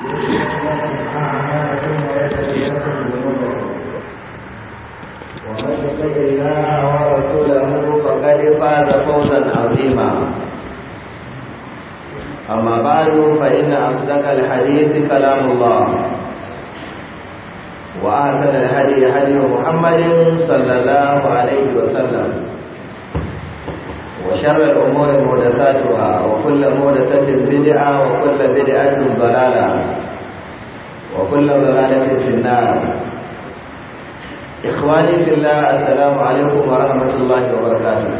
ومن يطع الله ورسوله فقد فاز فوزا عظيما أما بعد فإن أصدق الحديث كلام الله وأحسن الهدي هدي محمد صلى الله عليه وسلم وشر الأمور محدثاتها وكل محدثة بدعة وكل بدعة ضلالة وكل ضلالة في النار إخواني في الله السلام عليكم ورحمة الله وبركاته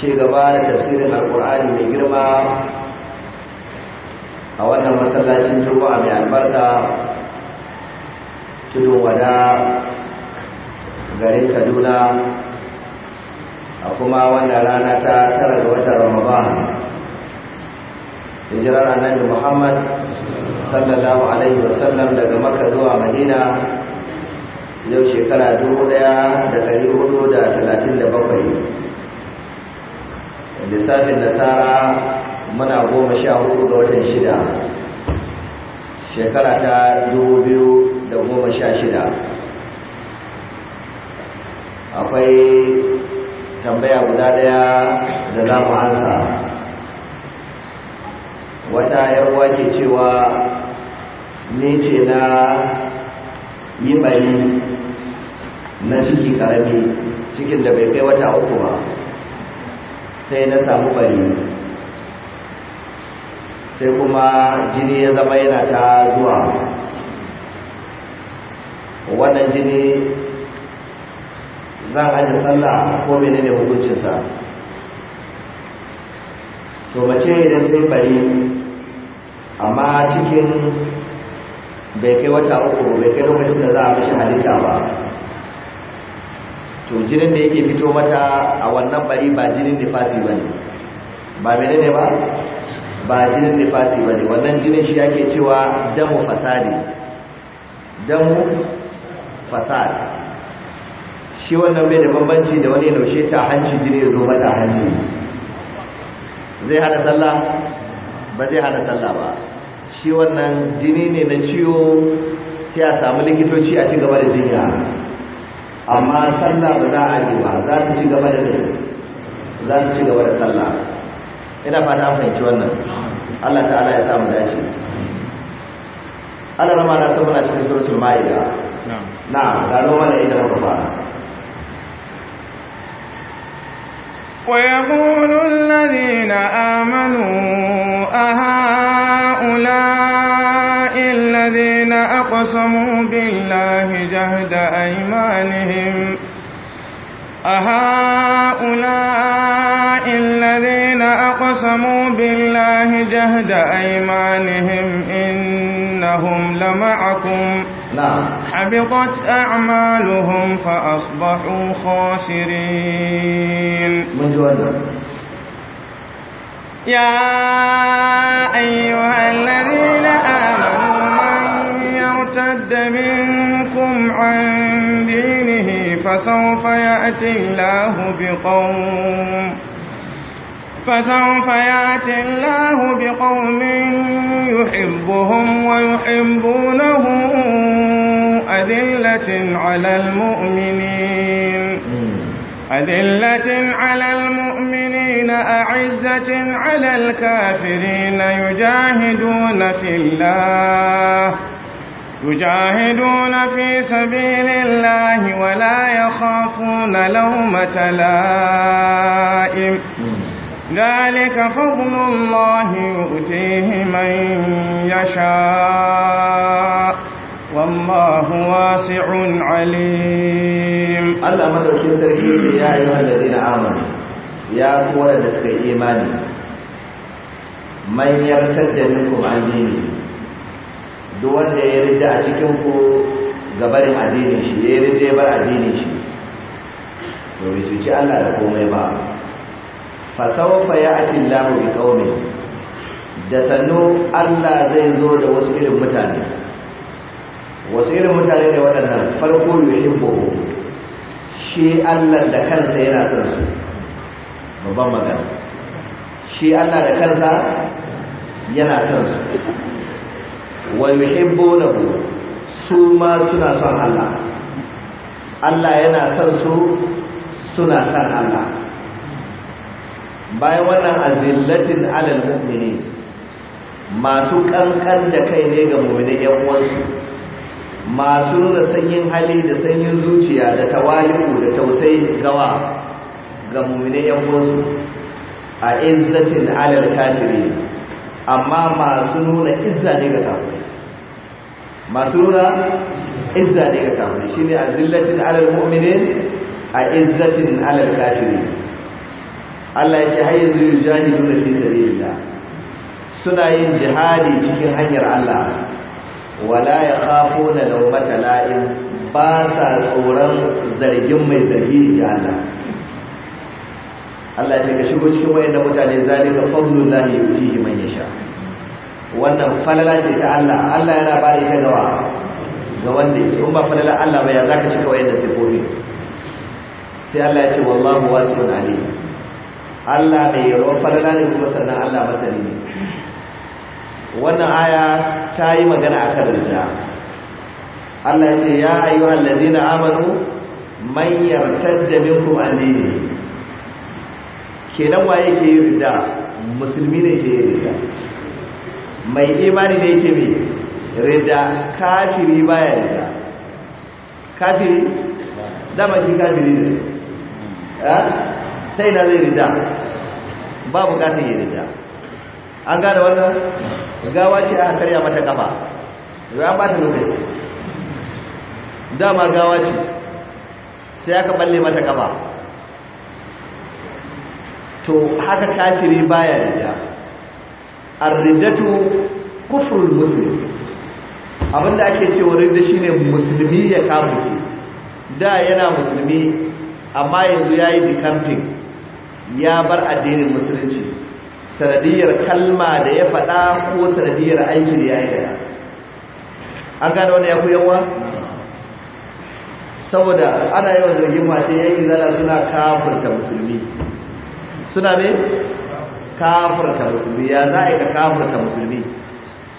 ci gaba da tafsirin alkur'ani mai girma a wannan masallacin juma'a mai albarka tudun wada garin kaduna a kuma wanda rana ta tara ga watan ramadan hijirar annabi muhammad sallallahu alaihi wasallam daga makka zuwa madina yau shekara dubu ɗaya da ɗari hudu da talatin da bakwai lissafin nasara muna goma sha hudu ga watan shida shekara ta dubu biyu da goma sha shida akwai tambaya guda daya da za mu ansa wata yarwa ke cewa ni ce na yi bari na ciki karami cikin da bai kai wata uku ba sai na samu bari sai kuma jini ya zama yana ta zuwa wannan jini Za a aje sallah ko menene hukuncinsa to mace idan zai bari amma cikin bai kai wata uku bai kai lokacin da za a mishi halitta ba to jinin da yake fito mata a wannan bari ba jinin nifasi ba ne ba menene ba ba jinin nifasi ba ne wannan jinin shi ake cewa damu fasadi damu fasadi shi wannan bai da bambanci da wani yaushe laushe ta hanci jini zo mata hanci zai hana sallah ba zai hana sallah ba shi wannan jini ne na ciwo sai a samu likitoci a ci gaba da jinya amma sallah ba za a yi ba za su ci gaba da za su ci gaba da sallah ina fata an fahimci wannan Allah ta'ala ya samu dace Allah rama na tabbata cikin suratul ma'ida na'am ga roma da ita muka fara ويقول الذين آمنوا أهؤلاء الذين أقسموا بالله جهد أيمانهم أهؤلاء الذين أقسموا بالله جهد أيمانهم إنهم لمعكم نعم حبطت أعمالهم فأصبحوا خاسرين يا أيها الذين آمنوا من يرتد منكم عن دينه فسوف يأتي الله بقوم فسوف ياتي الله بقوم يحبهم ويحبونه أذلة على المؤمنين أذلة على المؤمنين أعزة على الكافرين يجاهدون في الله يجاهدون في سبيل الله ولا يخافون لومة لائم ذلك فضل الله يؤتيه من يشاء والله واسع عليم الله مدركين تركيه يا أيها الذين آمنوا يا قوة لك إيماني من يرتد منكم عن دينه دون يرجع أتكمكم gabarin addinin shi ya yi bar addinin shi to bai cuci Allah da komai ba fasawfa ya'ti Allahu bi qaumin da sannu Allah zai zo da wasu irin mutane wasu irin mutane ne waɗannan farko yuhibbu shi Allah da kansa yana son su babban magana shi Allah da kansa yana son su wa yuhibbunahu su ma suna son Allah Allah yana son su suna son Allah bayan wannan azillatin alal mu'mini masu kankan da kai ne ga mu'mini yan uwansu masu nuna sanyin hali da sanyin zuciya da tawali'u da tausayi gawa ga mu'mini yan uwansu a izzatin alal kafiri amma masu nuna izza ne ga kafirai masu nuna izza ne ga kafiri shine azillatin alal mu'mini a izzatin alal kafiri Allah ya ce har yanzu da fi sabilillah suna yin jihadi cikin hanyar Allah wala ya da lawmata la'im ba sa tsoron zargin mai zargi da Allah Allah ya ce ka shigo cikin da mutane zalika fadlullahi yutihi man yasha wannan falala ce ta Allah Allah yana ba da ita gawa ga wanda yake in ba falala Allah ba ya zaka shiga wayannan sifofi sai Allah ya ce wallahu wasi'un alim Allah mai yawan falala ne kuma sannan Allah masani ne wannan aya ta yi magana kan rija Allah ce ya ayyu ladina amanu man yartajja minkum an dini kenan waye ke yi rija musulmi ne ke yi rija mai imani ne ke bi rida kafiri baya rija kafiri dama shi kafiri ne ah? Sai da zai rida ba bukatar yi rida an gada wannan gawa ce aka karya mata kafa ya ba ta lokaci dama gawa ce sai aka balle mata kafa to haka kafiri baya rida ar-ridatu kufrul muslim abinda ake cewa shi shine musulmi ya kafirce da yana musulmi amma yanzu ya yayi decamping ya bar addinin musulunci sanadiyar kalma da ya faɗa ko sanadiyar aiki da ya yi daya an gane wani ya ku yawa saboda ana yawan zargin mace yankin zana suna kafurta musulmi suna ne kafurta musulmi ya za a yi ka kafurta musulmi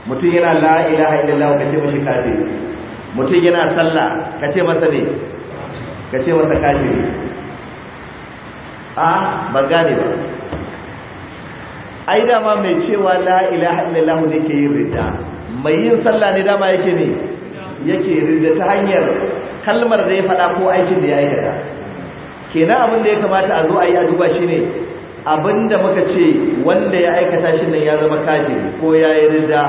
mutum yana la'ilaha illallah ka ce mashi kafe mutum yana sallah ka ce masa ne ka ce masa kafe a ban ba ai dama mai cewa la ilaha illallah ne ke yin ridda mai yin sallah ne dama yake ne yake ridda ta hanyar kalmar da ya faɗa ko aikin da ya aikata kenan abin da ya kamata a zo a yi a duba shine abinda muka ce wanda ya aikata shi nan ya zama kaji ko ya yi rida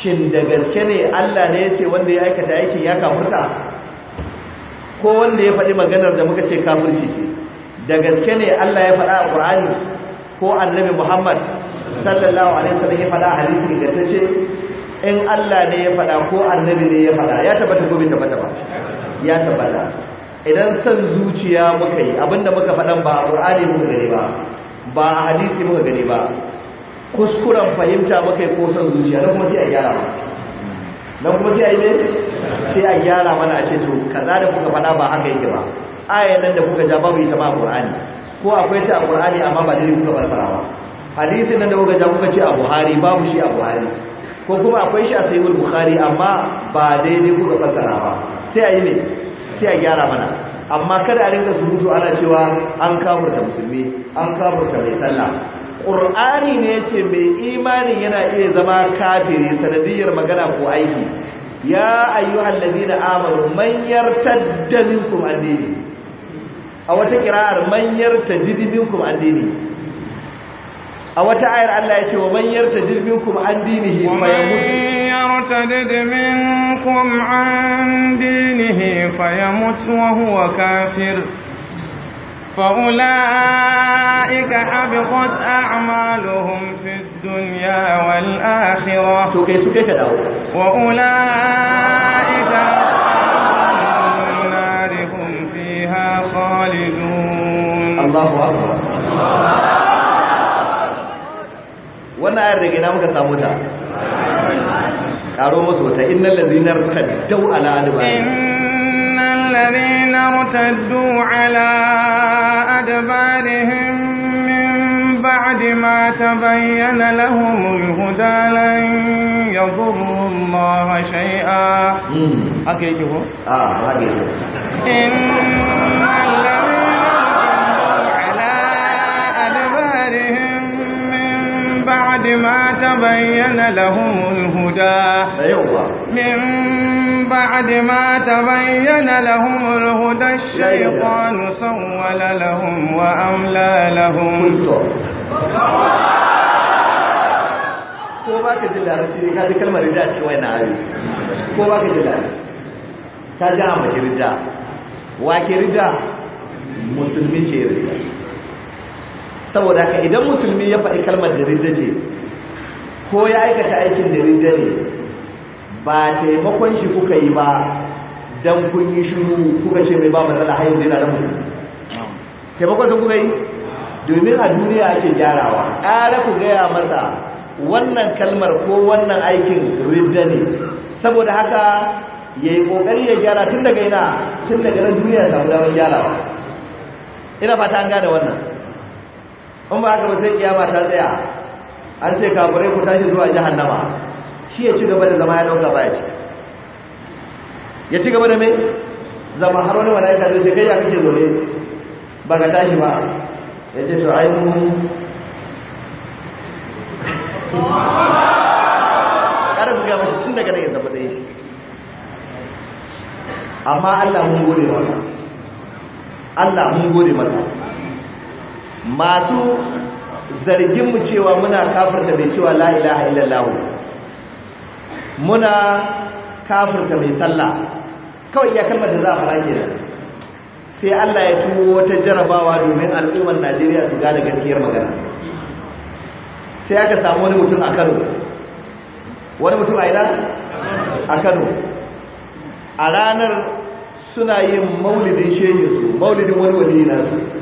shin da gaske ne Allah ne ya ce wanda ya aikata aikin ya kafurta ko wanda ya faɗi maganar da muka ce kafirci ce da gaske ne Allah ya faɗa a Qur'ani ko Annabi Muhammad sallallahu alaihi wasallam ya faɗa a hadisi da tace in Allah ne ya faɗa ko Annabi ne ya faɗa ya tabbata ko bai tabbata ba ya tabbata idan san zuciya muka yi abinda muka faɗan ba a Qur'ani muka gani ba ba a hadisi muka gani ba kuskuren fahimta muka yi ko san zuciya da kuma sai a gyara ba nan kuma sai a yi ne sai a gyara mana a ce to kaza da kuka fada ba haka yake ba ayan nan da kuka ja babu ita ba qur'ani ko akwai ta a qur'ani amma ba dai kuka farfara ba nan da kuka ja kuka ce a buhari babu shi a buhari ko kuma akwai shi a sahihul bukhari amma ba dai dai kuka farfara ba sai a yi ne sai a gyara mana amma kada a rinka surutu ana cewa an kafurta musulmi an kafurta mai sallah ƙur'ani ne yace mai imani yana iya zama kafiri sanadiyar magana ko aiki ya ayyuhal ladina amanu man yartadda minkum addini a wata kira'ar man yartadda minkum addini a wata ayar Allah ya ce wa man yartadid kuma an dinihi fa yamut yartadid kuma an dinihi fa yamut wa huwa kafir فأولئك حبطت أعمالهم في الدنيا والآخرة وأولئك النار هم فيها خالدون الله أكبر wannan ayar daga ina muka samu ta karo musu wata innal ladina irtaddu ala adbarihim innal ladina irtaddu ala adbarihim min ba'di ma tabayyana lahum al-huda lan yadhurru Allah shay'a hmm. haka yake ko a ah, haka yake innal ladina ala adbarihim من بعد ما تبين لهم الهدى من بعد ما تبين لهم الهدى الشيطان سول لهم وأملى لهم ko ba ka jin larabci ne ka ji kalmar rida ce wai na ayu ko ba ka jin larabci ta ji a mace rida wa ke rida musulmi ke rida saboda ka idan musulmi ya faɗi kalmar da rindaje ko ya aikata aikin da ba taimakon shi kuka yi ba don kun yi shiru kuka ce mai ba matsala har yanzu yana da musulmi taimakon sun kuka yi domin a duniya ake gyarawa ƙara ku gaya masa wannan kalmar ko wannan aikin ridda ne saboda haka ya yi ƙoƙari ya gyara tun daga ina tun daga nan duniya samu damar gyarawa ina fata an gane wannan in ba haka ba sai kiyama ta tsaya an ce kafirai ku tashi zuwa jahannama shi ya ci gaba da zama ya dauka ba ya ci ya ci gaba da mai zama har wani mala'ika zai ce kai ya kake zaune ba ka tashi ba ya ce to ai mu ƙarar buga mashi tun daga nan ya zama shi amma Allah mun gode mata Allah mun gode mata masu zarginmu cewa muna kafirta mai cewa la ilaha illallah muna kafirta mai sallah kawai ya kalmar da za a fara kenan sai Allah ya tuwo wata jarabawa domin al'ummar Najeriya su gane gaskiyar magana sai aka samu wani mutum a Kano wani mutum a ila a Kano a ranar suna yin maulidin shehinsu maulidin wani wani nasu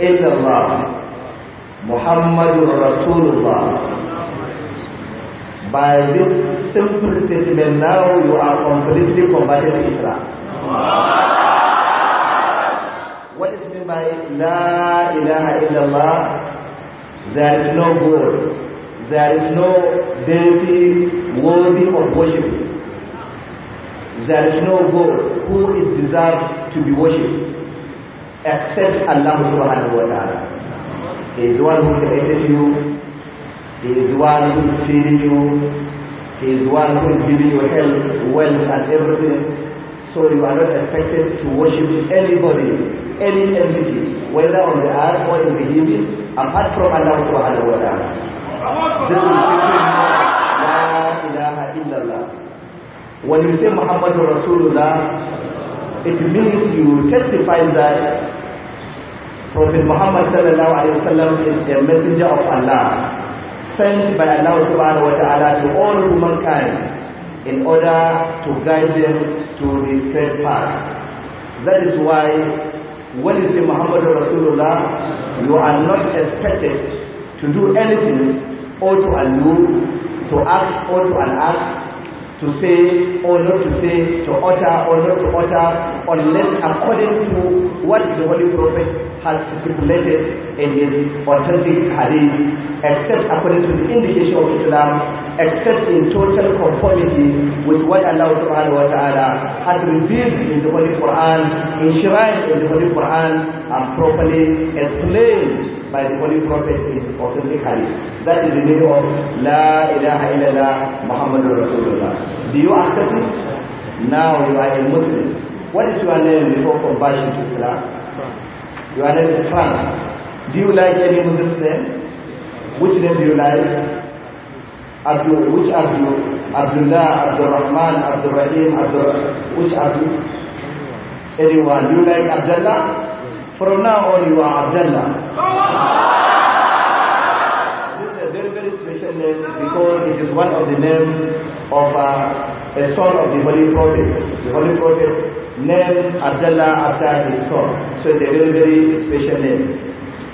illallah Muhammadur Rasulullah. By this simple statement now you are completely converted to Islam. What is meant by La ilaha illallah? There is no God. There is no deity worthy of worship. There is no God who is deserved to be worshipped. except Allah subhanahu wa ta'ala. He is the one who created you, He is the one who is feeding you, He is the one who is giving you health, wealth and everything. So you are not expected to worship anybody, any entity, whether on the earth or in the heavens, apart from Allah subhanahu wa ta'ala. This is La ilaha illallah. When you say Muhammadur Rasulullah, it means you will testify that Prophet Muhammad sallallahu alayhi wa sallam is a messenger of Allah, sent by Allah subhanahu wa ta'ala to all humankind in order to guide them to the straight path. That is why when you say Muhammad Rasulullah, you are not expected to do anything or to allude, to act or to enact to say or not to say, to utter or not to utter, unless according to what the Holy Prophet has stipulated in his authentic hadith, except according to the indication of Islam, except in total conformity with what Allah subhanahu wa ta'ala has revealed in the Holy Quran, enshrined in the Holy Quran, and properly explained by the Holy Prophet in authentic hadith. That is the meaning of La ilaha illallah Muhammadur Rasulullah. Do you accept it? Now you are a Muslim. What is your name before conversion to Islam? You are not fine. Do you like any of them? Which name do you like? Abdul, which Abdul? Abdullah, Abdul Rahman, Abdul Rahim, Abdul, which Abdul? Anyone. Do you like Abdullah? From now on you are Abdullah. this is a very, very special name because it is one of the names of uh, a son of the Holy Prophet. The Holy Prophet named Abdullah after his son. So it's a very, very special name.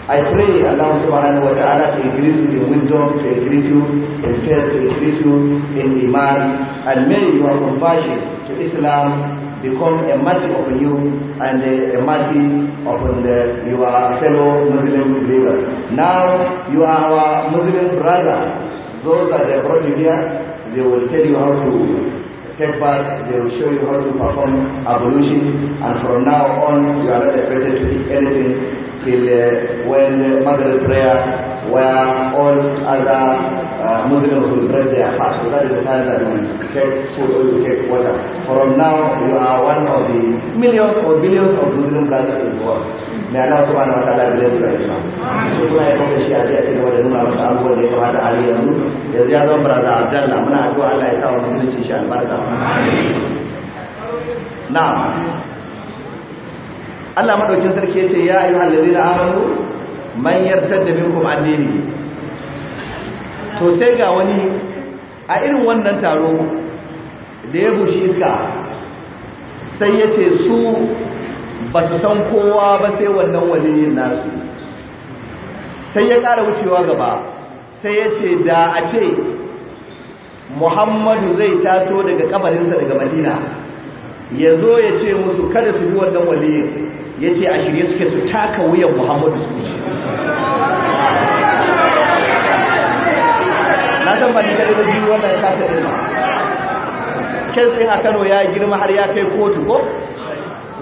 I pray Allah subhanahu wa ta'ala to increase you in wisdom, to increase you in faith, to increase you in iman, and may your conversion to Islam become a martyr upon you and a, a martyr upon the, your fellow Muslim believers. Now you are our Muslim brother. Those that they brought you here, they will tell you how to step back. they will show you how to perform ablution, and from now on, you are not expected to eat anything till uh, when uh, Mother Maghrib prayer where all other uh, Muslims will break their fast. So that is the time that we take food or we take water. From now, you are one of the millions or billions of Muslim brothers in the world. May Allah subhanahu wa ta'ala bless you right now. So kuma ya kuma shi a jiya cikin wadda nuna masa abubuwan da ya kamata a yanzu. Yanzu ya zama brother Abdallah muna addu'a Allah ya sa wa musulunci shi albarka. Na'am. Allah madaukin sarki ya ce ya ayyuhal ladina amanu man yartar da minkum addini to sai ga wani a irin wannan taro da ya bushe iska sai ya ce su ba su san kowa ba sai wannan waliyin nasu sai ya ƙara wucewa gaba sai ya ce da a ce muhammadu zai taso daga kabarinsa daga madina ya zo ya ce musu kada su yi wannan waliyin ya ce a shirye suke su taka wuyan muhammadu su na zan ba ni da biyu wannan ya taka ɗin kyan tsayin a kano ya girma har ya kai kotu ko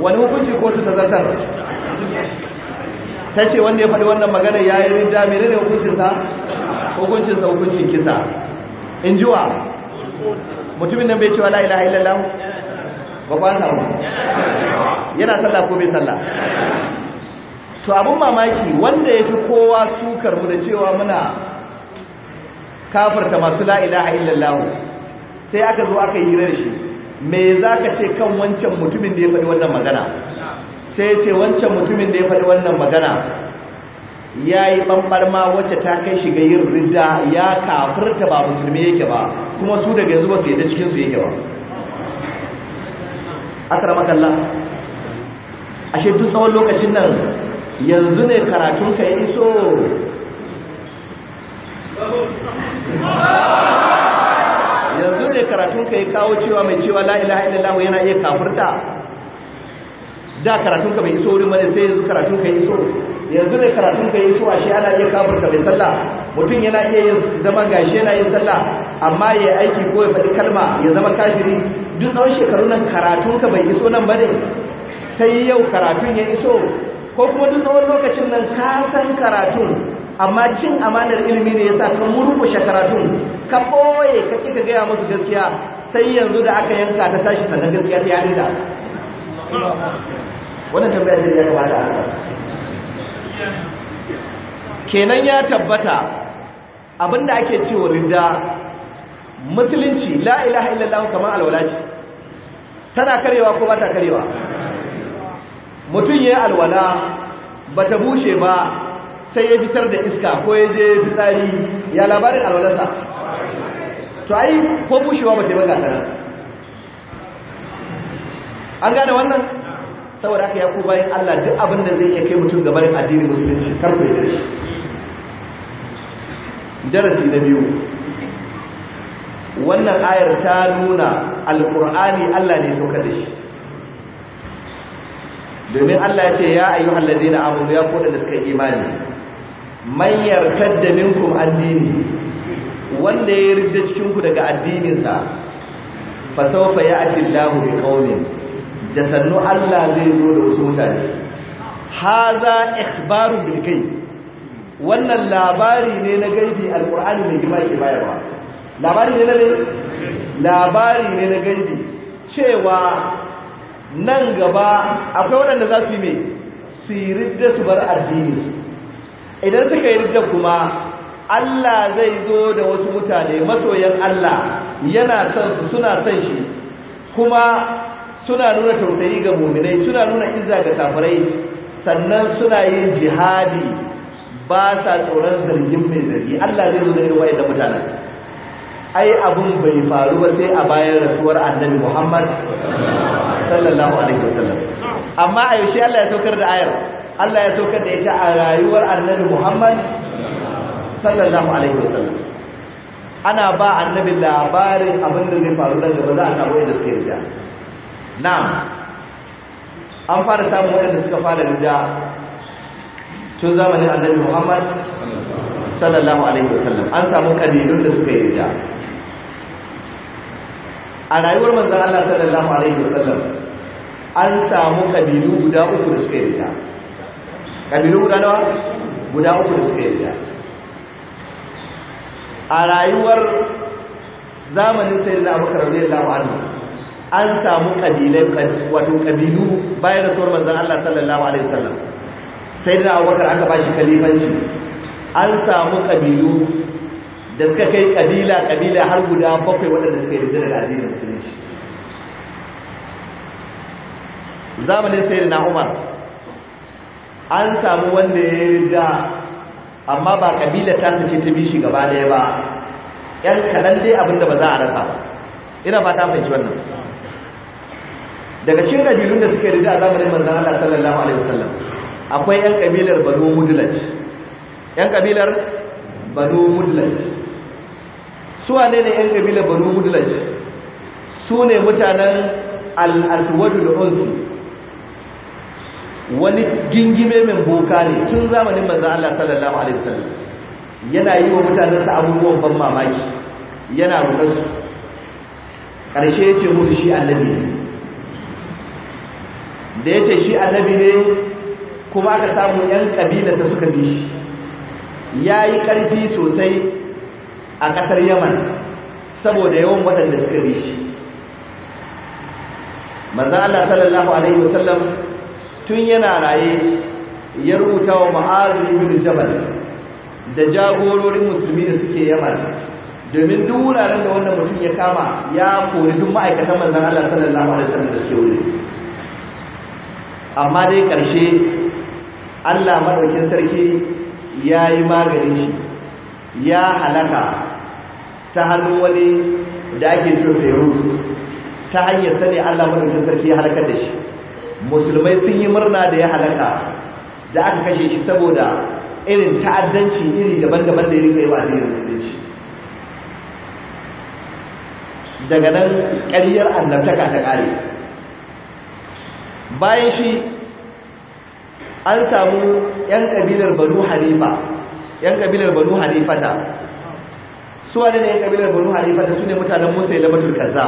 wani hukunci kotu ta zartar ta ce wanda ya faɗi wannan magana ya yi rinda mene ne hukuncinsa hukuncinsa hukuncin kisa in jiwa mutumin nan bai cewa la ilaha illallah ba ba yana sallah ko bai sallah to abun mamaki wanda ya fi kowa sukar mu da cewa muna kafarta masu la illar sai aka zo aka yi da shi me za ka ce kan wancan mutumin da ya faɗi wannan magana sai ce wancan mutumin da ya faɗi wannan magana ya yi ma wacce ta kai shiga yin rida ya kafirta ba musulmi yake ba kuma su daga yanzu ba su yadda cikinsu yake ba akramakallah ashe duk tsawon lokacin nan yanzu ne karatun ka yi so yanzu ne karatun ka yi kawo cewa mai cewa la ilaha illallah yana iya kafirta da karatun ka bai so wurin bane sai yanzu karatun ka yi so yanzu ne karatun ka yi a shi ana iya kafin ka mai sallah mutum yana iya yin zama gashi yana yin sallah amma ya aiki ko ya faɗi kalma ya zama kafiri duk tsawon shekaru nan karatun ka bai iso nan ba bane sai yau karatun ya iso ko kuma duk tsawon lokacin nan ka san karatun amma cin amanar ilimi ne ya sa ka murkushe karatun ka ɓoye ka ka gaya musu gaskiya sai yanzu da aka yanka ta tashi sannan gaskiya ta yi da wannan tambaya yi ya kamata a kenan ya tabbata abinda ake cewa ridda musulunci la ilaha illallah kamar alwala ce tana karewa ko ba ta karewa mutum ya alwala ba ta bushe ba sai ya fitar da iska ko ya je fitsari ya labarin alwalarsa to ai ko bushewa ba ta yi magana an gane wannan saboda haka ya ku bayan Allah duk abin da zai iya kai mutum bayan addinin musulunci karfe ku shi darasi na biyu wannan ayar ta nuna alkur'ani Allah ne saukar da shi domin Allah ya ce ya ayyuhal ladina amanu ya koda da suka imani man yartadda minkum addini wanda ya yarda cikin ku daga addininsa fa sawfa ya'ti Allahu bi da sannu Allah zai zo da wasu mutane haza ikhbaru bil kai wannan labari ne na gaibi alqur'ani mai gaba ke bayarwa labari ne na labari ne na gaibi cewa nan gaba akwai waɗanda za su yi mai su yi ridda su bar addini idan suka yi ridda kuma Allah zai zo da wasu mutane masoyan Allah yana son suna son shi kuma suna nuna tausayi ga mominai suna nuna izza ga kafirai sannan suna yin jihadi ba sa tsoron zargin mai zargi Allah zai zo da irin da mutanen ai abun bai faru ba sai a bayan rasuwar annabi Muhammad sallallahu alaihi wasallam amma a yaushe Allah ya saukar da ayar Allah ya saukar da ita a rayuwar annabi Muhammad sallallahu alaihi wasallam ana ba annabi labarin abin da zai faru da gaba za a samu inda suke rija na'am an fara samun waɗanda suka fara rida tun zamanin annabi Muhammad sallallahu alaihi wasallam an samu kabilun da suka yi rida a rayuwar manzon Allah sallallahu alaihi wasallam an samu kabilu guda uku da suka yi rida kabilu guda nawa guda uku da suka yi rida a rayuwar zamanin sayyidina Abubakar radiyallahu anhu an samu kabilai wato kabilu bayan rasuwar manzon Allah sallallahu alaihi wasallam sai da Abubakar aka bashi khalifanci an samu kabilu da suka kai kabila kabila har guda bakwai waɗanda suka yi da addinin musulunci zamanin sayyidina Umar an samu wanda ya rida amma ba kabila ta ce ta bi shi gaba ɗaya ba yan kaɗan dai abinda ba za a rasa ina fata fahimci wannan daga cikin kabilun da suka rida a zamanin manzon Allah sallallahu alaihi wasallam akwai yan kabilar Banu Mudlaj yan kabilar Banu Mudlaj su wane ne yan kabilar Banu Mudlaj su ne mutanen al-Aswadul Unsi wani gingime mai boka ne tun zamanin manzon Allah sallallahu alaihi wasallam yana yi wa mutanensa abubuwan ban mamaki yana rukarsu ƙarshe ce musu shi annabi da ya ce shi annabi ne kuma aka samu 'yan ta suka bi shi ya yi ƙarfi sosai a ƙasar yaman saboda yawan waɗanda suka bi shi manzan Allah sallallahu Alaihi wasallam tun yana raye ya rubuta wa ma'arin jabal da jagororin musulmi da suke yaman domin duk wuraren da wannan mutum ya kama ya kori duk ma'aikatan manzan Allah sallallahu Alaihi wasallam da suke wuri amma dai ƙarshe allah maɗaukin sarki ya yi magani shi ya halaka ta hannun wani da ake rusu ta hanyar sani allah maɗaukin sarki ya halaka da shi musulmai sun yi murna da ya halaka da aka kashe shi saboda irin ta'addanci iri daban-daban da ya rika yi ba da musulunci daga nan ƙaryar annabtaka ta ƙare bayan shi an samu 'yan kabilar banu halifa 'yan kabilar banu halifa da su wane ne 'yan kabilar banu halifa da su ne mutanen musa ilamatul kaza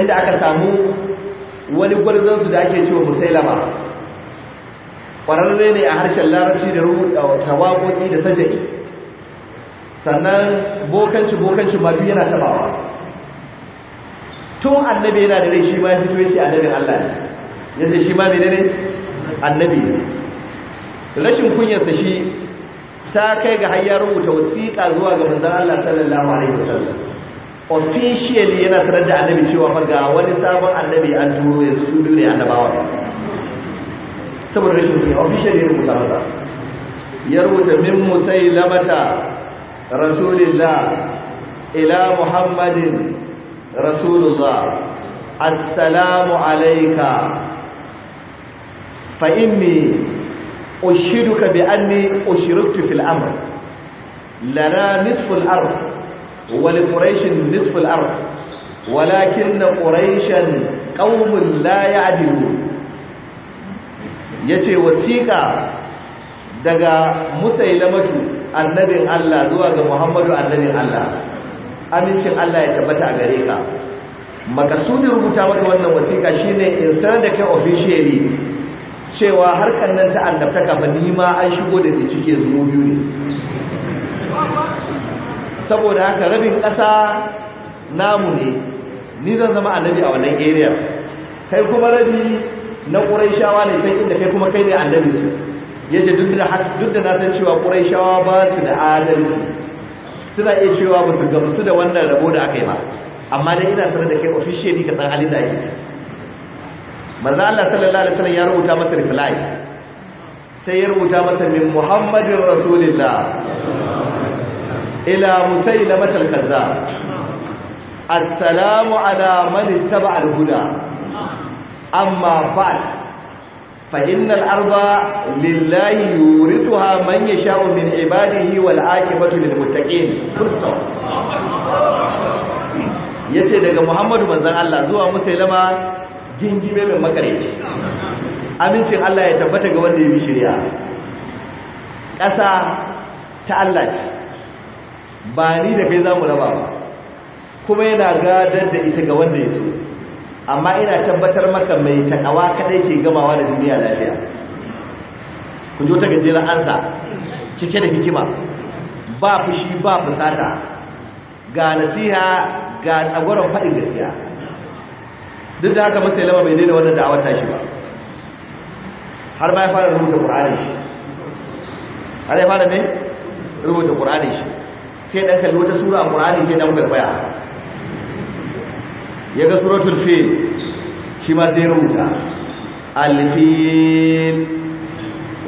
inda aka samu wani gwarzonsu da ake cewa musailama ƙwararre ne a harshen larabci da rubuta tawakoki da sajai sannan bokanci bokanci ma yana tabawa tun annabi yana da rai shi ma fito yace annabin Allah ne ya ce shi ma mai dare annabi Rashin kunyar kunyarsa shi ta kai ga hanyar rubuta wasiƙa zuwa ga manzan Allah sallallahu alaihi wasallam officially yana tarar da annabi cewa farga wani sabon annabi an turo yanzu su biyu ne annabawa saboda rashin kunya officially ya rubuta masa ya rubuta min lamata rasulillah ila muhammadin rasulullah assalamu alaika. fa inni ushiduka bi anni ushiriktu fil amr lana nisfu al ard wa li quraish nisfu al ard walakin quraishan qaumun la ya'dilun yace wasiqa daga musailamatu annabin Allah zuwa ga Muhammadu annabin Allah amincin Allah ya tabbata a gare ka makasudin rubuta maka wannan wasiƙa shine in sanar da kai officially cewa harkar nan ta annabtaka ba ni ma an shigo da ke cike zuwa biyu ne saboda haka rabin ƙasa namu ne ni zan zama annabi a wannan area kai kuma rabi na ƙuraishawa ne sai inda kai kuma kai ne annabi su ya ce duk da na san cewa ƙuraishawa ba su da adalci suna iya cewa ba su gamsu da wannan rabo da aka yi ba amma dai ina sanar da kai ofishiyali ka san halin da ake manzo Allah sallallahu alaihi wasallam ya rubuta masa reply sai ya rubuta masa min Muhammadin Rasulillah ila Musailama al-Kazzab assalamu ala man ittaba al-huda amma ba'd fa innal arda lillahi yurithuha man yasha'u min ibadihi wal 'aqibatu lil muttaqin yace daga Muhammadu manzon Allah zuwa Musailama gingime mai makareci amincin Allah ya tabbata ga wanda ya bi shirya ƙasa ta Allah ce ba ni da kai za mu raba ba kuma yana gadar da ita ga wanda ya so amma ina tabbatar maka mai takawa kadai ke gamawa da duniya lafiya ku ji wata gajeren ansa cike da hikima ba fushi ba fusata ga nasiha ga tsagoron faɗin gaskiya duk da haka masai lama bai daina wannan da'awar tashi ba har ma ya fara rubuta ƙur'anin shi har ya fara ne rubuta ƙur'anin shi sai ɗan kalli wata sura a ƙur'anin ke dan garbaya ya ga suratul fil shi ma sai rubuta alfil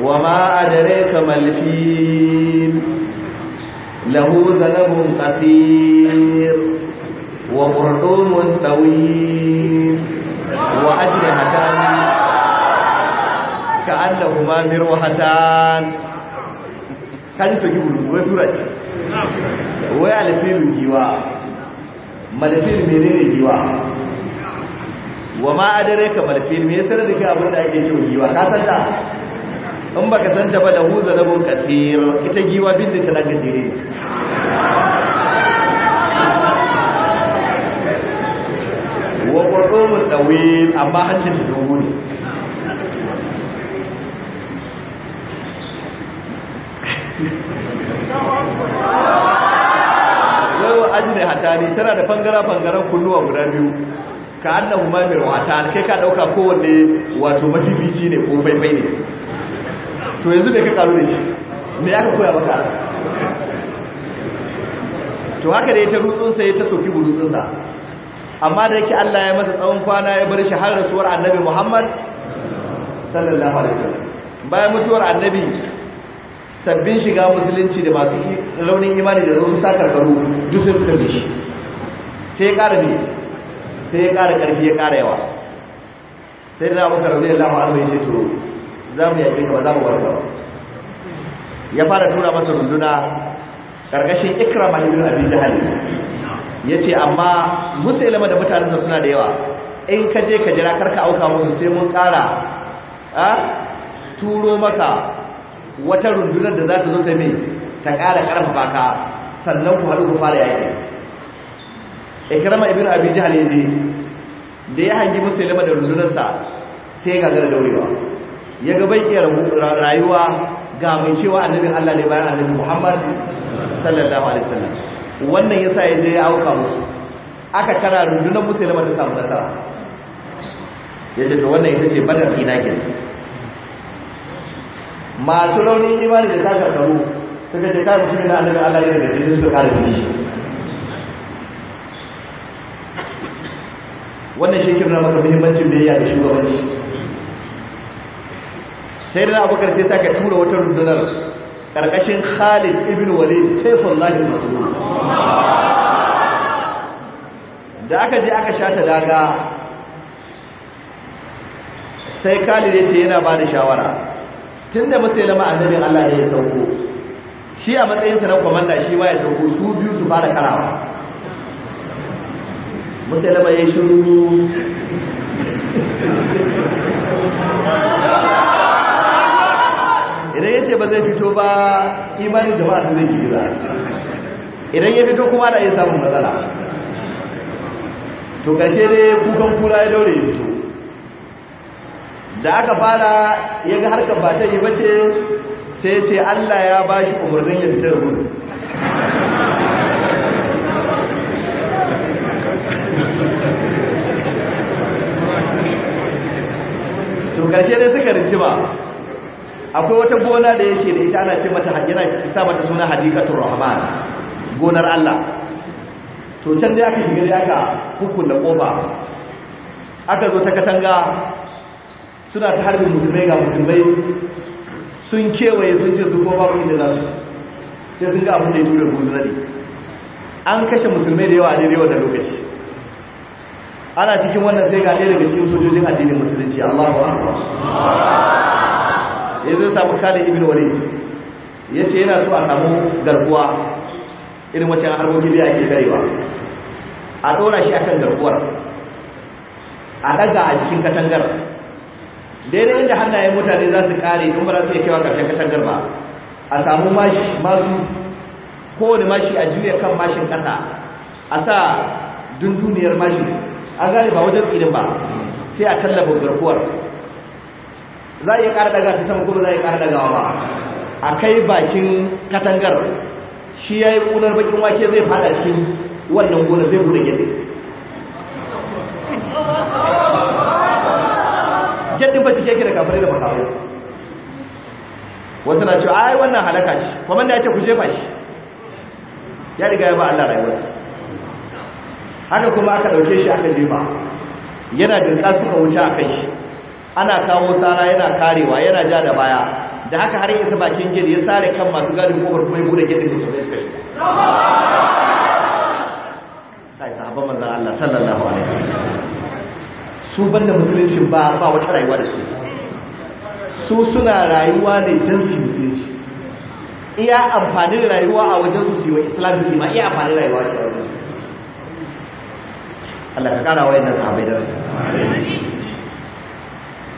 wa ma adraka mal fil lahu zalamun qasir wa murdumun tawir wa ajri hatan ka anda huma mir wa hatan kan su gibu wa surat wa alfil giwa malfil menene giwa wa ma adare ka malfil me yasar da ke abin da ake cewa giwa ka san ta in baka san ta ba da huza da bun kasir ita giwa bin da ta lagadire wa qurrumul dawil amma hancin da dogo ne wai wa ne hatari tana da fangara fangaran kulluwa guda biyu ka annahu ma mirwata kai ka dauka kowanne wato mafifici ne ko faifai ne to yanzu ne ka karu da shi me aka koya maka to haka da ya ta rutsunsa ya ta soki burutsunsa amma da yake Allah ya masa tsawon kwana ya bar shi har rasuwar annabi Muhammad sallallahu alaihi wasallam bayan mutuwar annabi sabbin shiga musulunci da masu launin imani da zuwa sakarkaru duk sun kalle shi sai ya ƙara ne sai ya ƙara ƙarfi ya ƙara yawa sai da abu karbe da lamu ya ce to za mu yaƙi ka ba za mu warka ba ya fara tura masa runduna ƙarƙashin ikrama ibn abi jahal ya ce amma musulama da mutanen suna da yawa in ka je ka jira karka auka musu sai mun kara a turo maka wata rundunar da za ta zo ta mai ta kara karfafa ka sannan ku haɗu ku fara yaƙi ikrama ibn abi jahal yaje da ya hangi musulama da rundunarsa sai ga gara daurewa ya ga bai iya rayuwa ga mai cewa annabi Allah ne bayan annabi Muhammad sallallahu alaihi wasallam wannan ya sa ya je ya auka musu aka tara rundunar musulman da samun nasara ya ce to wannan ita ce badar inakin masu raunin imani da ta shakaru suka ce kai mutum na annabin Allah ne da jini su kare shi wannan shi kirna maka muhimmancin biyayya da shugabanci sai da abokar sai ta ka tura wata rundunar Ƙarƙashin Khalid ibn Walid Saifullah al-Masrur da aka je aka sha ta daga sai Khalid ce yana ba da shawara tunda a zabi, Allah ya sauko shi a matsayinsa na kwamandan shi ma ya sauko su biyu su fara karawa lama ya shiru ba zai fito ba imanin ba a zai gida idan ya fito kuma da iya samun matsala to karshe ne kukan kura ya daure ya fito da aka fara ya ga harkar ba ta yi bace sai ce allah ya ba shi umarnin ya fita da gudu to karshe dai suka rikima akwai wata gona da yake da ita ana ce mata yana sa mata suna hadikatul rahman gonar Allah to can da aka shiga da aka da ƙofa, aka zo ta katanga suna ta harbin musulmai ga musulmai sun kewaye sun ce su koma inda za su sai sun ga abin da ya tura guzurari an kashe musulmai da yawa a daidai wannan lokaci ana cikin wannan sai ga ɗaya daga cikin sojojin addinin musulunci allahu akbar ya zo samu kalin ibn wani ya ce yana so a samu garkuwa irin wacce harkoki da ake karewa a ɗora shi akan garkuwar a ɗaga a cikin katangar daidai inda hannayen mutane za su kare in ba za su yi kewa karshen katangar ba a samu mashi masu kowane mashi a juya kan mashin kasa a sa dunduniyar mashi a gane ba wajen tsirin ba sai a tallafa garkuwar za a yi ƙara daga ta sama kuma za a yi ƙara dagawa ba a kai bakin katangar shi ya yi ƙunar bakin wake zai fada cikin wannan gona zai bude gyaɗe gyaɗin ba cike da kafirai da makawai wata na cewa ai wannan halaka ce kuma da ya ce ku jefa shi ya riga ya ba Allah rayuwarsa haka kuma aka ɗauke shi aka jefa yana dinka suka wuce a kai shi ana kawo sara yana karewa yana ja da baya da haka har yanzu bakin gidi ya sare kan masu gadin kofar kuma ya bude gidi da su ne sai sai sahabban Allah sallallahu alaihi wasallam su banda musulunci ba ba wata rayuwa da su su suna rayuwa ne don su musulunci iya amfanin rayuwa a wajen su yi wa islam ma iya amfanin rayuwa a wajen su Allah ka kara wayannan sahabbai da rasu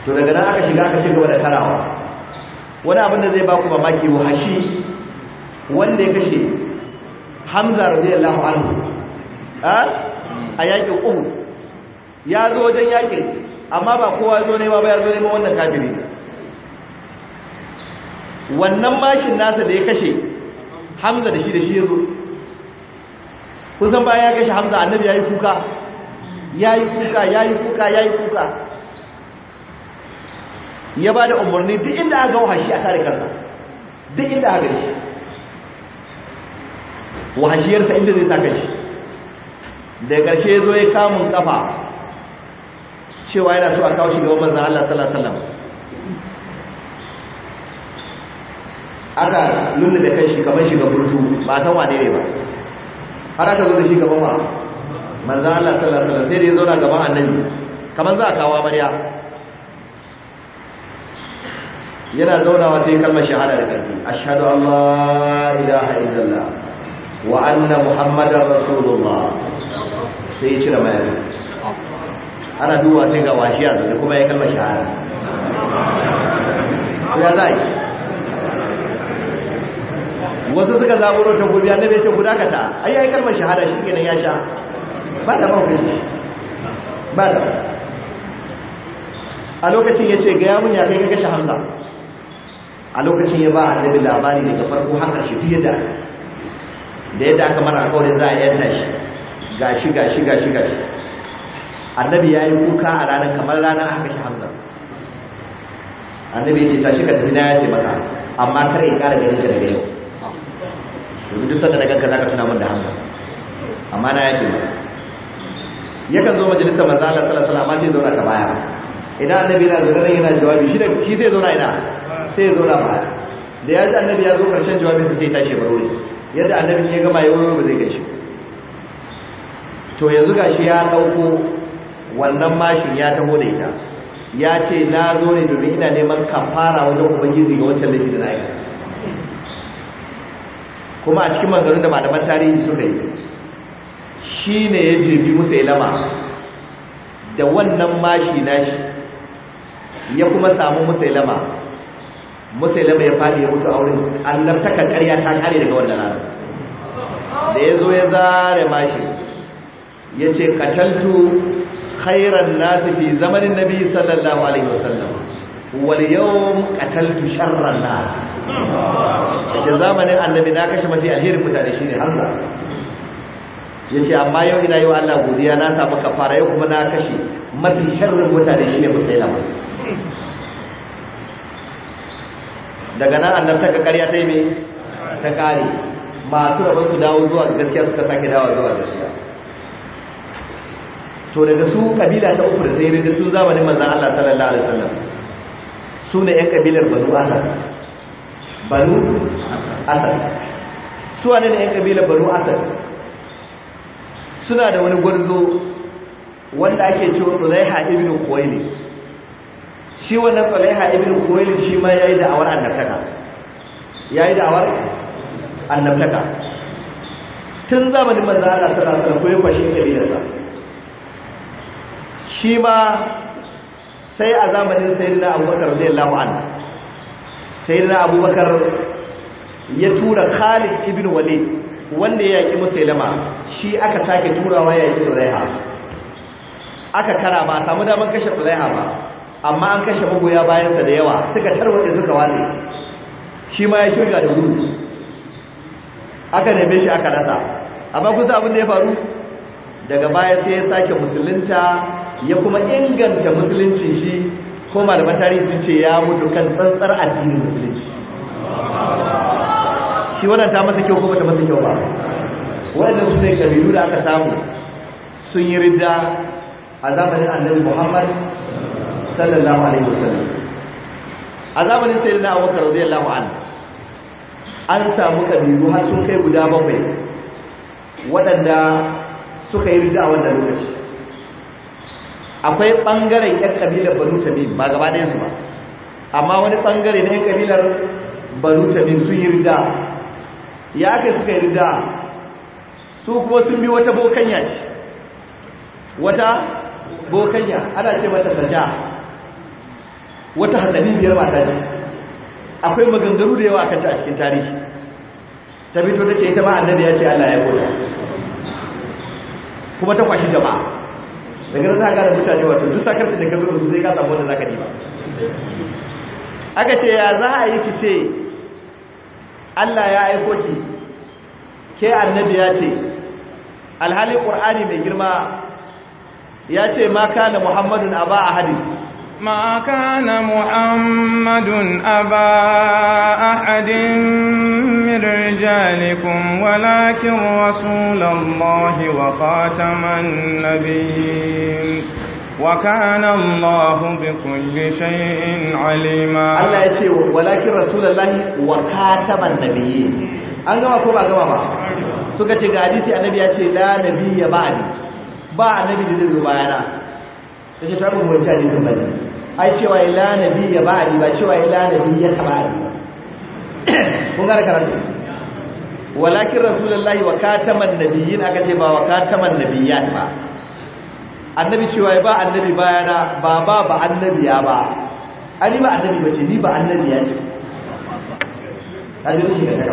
to daga nan aka shiga aka shiga da tarawa wani abin da zai baku mamaki hashi wanda ya kashe hamza radiyallahu anhu a yakin uhud ya zo wajen yakin amma ba kowa zo ne ba ba ya zo ne ba wannan kafiri wannan mashin nasa da ya kashe hamza da shi da shi ya zo kusan bayan ya kashe hamza annabi ya yi kuka ya yi kuka ya yi kuka ya yi kuka ya ba da umarni duk inda aka wahashi a tare kansa duk inda aka shi wahashiyarsa inda zai saka shi da ƙarshe zo ya kamun kafa cewa yana so a kawo shi gaban manzan Allah sallallahu alaihi wasallam aka nuna da kan shi kamar shiga burtu ba san wane ne ba har aka zo da shi gaban wa manzan Allah sallallahu alaihi wasallam sai da ya na gaban annabi kamar za a kawo amarya yana zaunawa sai kalmar shahada da ƙarfi ashhadu an la ilaha illallah wa anna muhammadar rasulullah sai ya cire mayar ana duwa sai ga washi a zaune kuma ya kalmar shahada ya za yi wasu suka zaɓuro ta gudu ya nabe ce guda ka ta ai ai kalmar shahada shi kenan ya sha ba da mahukunci ba da a lokacin ya ce ga yamun ya kai ga hamza a lokacin ya ba annabi labari daga farko haka shi fiye da da yadda aka mara kawai za a yanta shi gashi gashi gashi gashi annabi ya yi kuka a ranar kamar ranar haka shi hamza annabi ya ce tashi ka tafi na ya ce maka amma kar ya ƙara ganin ka daga yau domin duk sanda na ganka za ka tuna min da hamza amma na ya ce Ya yakan zo majalisar manzo Allah sallallahu alaihi wasallam amma zai zauna ta baya idan annabi yana zaune yana jawabi shi da shi zai zauna ina sai zo da ba da ya ji annabi ya zo karshen jawabin sai tashi baro ne yadda annabi ya gama yawo ba zai gashi to yanzu gashi ya dauko wannan mashin ya taho da ita ya ce na zo ne domin ina neman kafara wajen ubangiji ga wancan laifi da na yi kuma a cikin manzarin da malaman tarihi suka yi shi ne ya jirgi musa ilama da wannan mashi nashi ya kuma samu musa ilama musulama ya faɗi ya mutu a wurin takan ƙarya ta kare daga wannan ranar da ya zo ya zare mashi ya ce kataltu khairan nasu fi zamanin nabi sallallahu alaihi wasallam wal yau kataltu sharran na. ya ce zamanin annabi na kashe mafi alherin mutane shi ne shine Ya ce amma yau ina yi wa Allah godiya na samu kafara yau kuma na kashe mafi sharrin mutane ne musailama daga nan annabta lantarka karya ta yi mai ta kare masu rabon su dawo zuwa gaskiya suka sake dawo zuwa gaskiya to daga su kabila ta uku da sai rage su zamanin manzan Allah sallallahu alaihi wasallam su ne yan kabilar banu asad banu asad su ne yan kabilar banu asad suna da wani gwarzo wanda ake cewa Uzaiha ibn ne. shi wannan Tsalaiha ibn Khuwailid shi ma yi da'awar annabtaka yi da'awar annabtaka tun zamanin manzan Allah sallallahu alaihi shi koyi kwashin kabilarsa shi ma sai a zamanin sayyidina Abubakar radiyallahu anhu sayyidina Abubakar ya tura Khalid ibn wale wanda ya yaki Musailama shi aka sake turawa ya yi Tsalaiha aka kara ba samu damar kashe Tsalaiha ba amma an kashe magoya bayansa da yawa suka tarwaje suka wale shi ma ya shirga da wuri. aka neme shi aka rasa amma kusa abin da ya faru daga baya sai ya sake musulunta ya kuma inganta musuluncin shi ko malaman tarihi sun ce ya mutu kan tsantsar addinin musulunci shi wannan ta masa kyau ko bata masa kyau ba wannan su ne kabilu da aka samu sun yi ridda a zamanin annabi Muhammad sallallahu alaihi wasallam a zamanin sayyidina abubakar radiyallahu anhu an samu kabilu har sun kai guda bakwai waɗanda suka yi rida a wannan lokaci akwai ɓangaren 'yan kabilar banu tamim ba gaba ɗayan su ba amma wani ɓangare na 'yan kabilar banu tamim sun yi rida ya aka suka yi rida su kuma sun bi wata bokanya ce wata bokanya ana ce mata saja wata hatsaniyar mata ce akwai maganganu da yawa a kanta a cikin tarihi ta fito ta ce ita ma annabi ya ce Allah ya goda kuma ta kwashi jama'a daga nan za ka ga mutane wato duk sakar da ka zo zai ka samu wanda zaka diba aka ce ya za a yi ki ce Allah ya aiko ki ke annabi ya ce alhali qur'ani mai girma ya ce ma kana muhammadun aba ahadin ما كان محمد أبا أحد من رجالكم ولكن رسول الله وخاتم النبيين وكان الله بكل شيء عليما الله يشي ولكن رسول الله وخاتم النبيين an gama ko ba gama ba suka ce ga hadisi annabi ya ce la nabiyya ba'di ba annabi ta mu mun ta hadisi bane ai cewa ila nabi ya ba'di ba cewa ila nabi ya ba'di kun ga karatu walakin rasulullahi wa kataman nabiyyin aka ce ba wa kataman nabiyyat ba annabi cewa ba annabi bayana ba ba ba annabiya ba ali ba annabi ba ce, ni ba annabiya ce kaje shi ga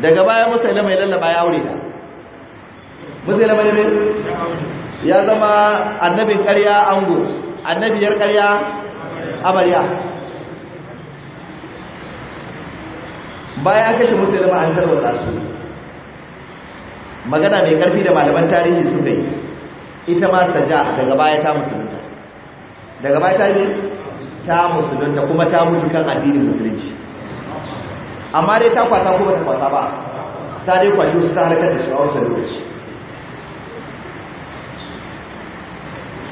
daga baya musailama ya ba ya aure ta musailama ne ya zama annabin ƙarya ango annabiyar karya amarya bayan kashe musulma an tarwata su magana mai ƙarfi da malaman tarihi su yi ita ma ja daga baya ta musulunta daga baya ta ne ta musulunta kuma ta mutu kan addinin musulunci amma dai ta kwata kuma ta kwata ba ta dai kwashi su ta harkar da shi a wancan lokaci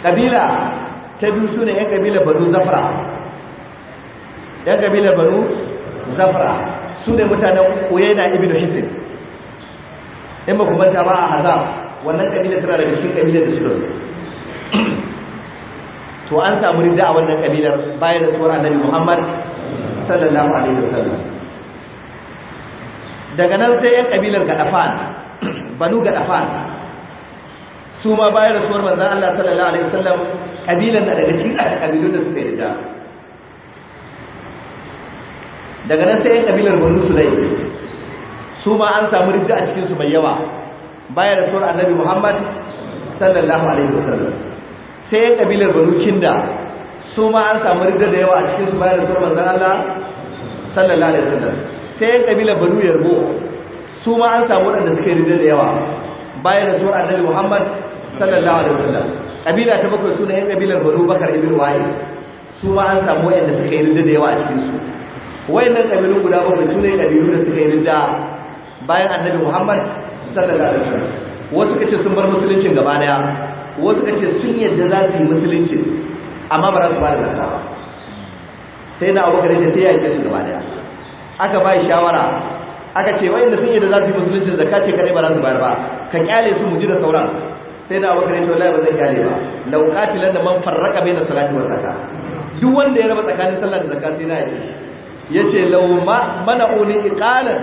kabila ta biyu su ne yan kabila banu zafra yan kabila banu zafra su ne mutanen uyayna ibn hisin in ba ku ta ba a hazam wannan kabila tana da cikin kabilar da suka to an samu rida a wannan ƙabilar bayan da tsoron annabi muhammad sallallahu alaihi sallam daga nan sai yan kabilar gadafan banu gadafan su ma bayan rasuwar manzan Allah sallallahu alaihi wasallam kabilan na daga cikin kabilun da suka yarda daga nan sai kabilar su Sulaim su ma an samu rijja a cikinsu mai yawa bayan rasuwar Annabi Muhammad sallallahu alaihi wasallam sai kabilar wani Kinda su ma an samu rijja da yawa a cikinsu bayan rasuwar manzan Allah sallallahu alaihi wasallam sai kabilar wani Yarbo su ma an samu wadanda suka da yawa bayan zuwa annabi Muhammad sallallahu alaihi wasallam kabila ta bakwai suna yan kabilar Banu Bakar ibn Wa'il su ma an samu wayanda suka yi ridda da yawa a cikin su wayannan kabilun guda bakwai sune kabilun da suka yi ridda bayan annabi Muhammad sallallahu alaihi wasallam wasu kace sun bar musuluncin gaba daya wasu kace sun yadda za su yi musuluncin amma ba za su ba da nasara ba sai na abubakar da sai ya yi su gaba daya aka ba shawara aka ce da sun yi da za su yi musulunci da zakka ce kadai ba za su bayar ba ka kyale su mu ji da sauran sai da abubakar ya wallahi ba zan kyale ba law qatilan da man farraqa baina salati wa zakka duk wanda ya raba tsakanin sallah da zakka sai na yi ce lau ma mana'uni iqalan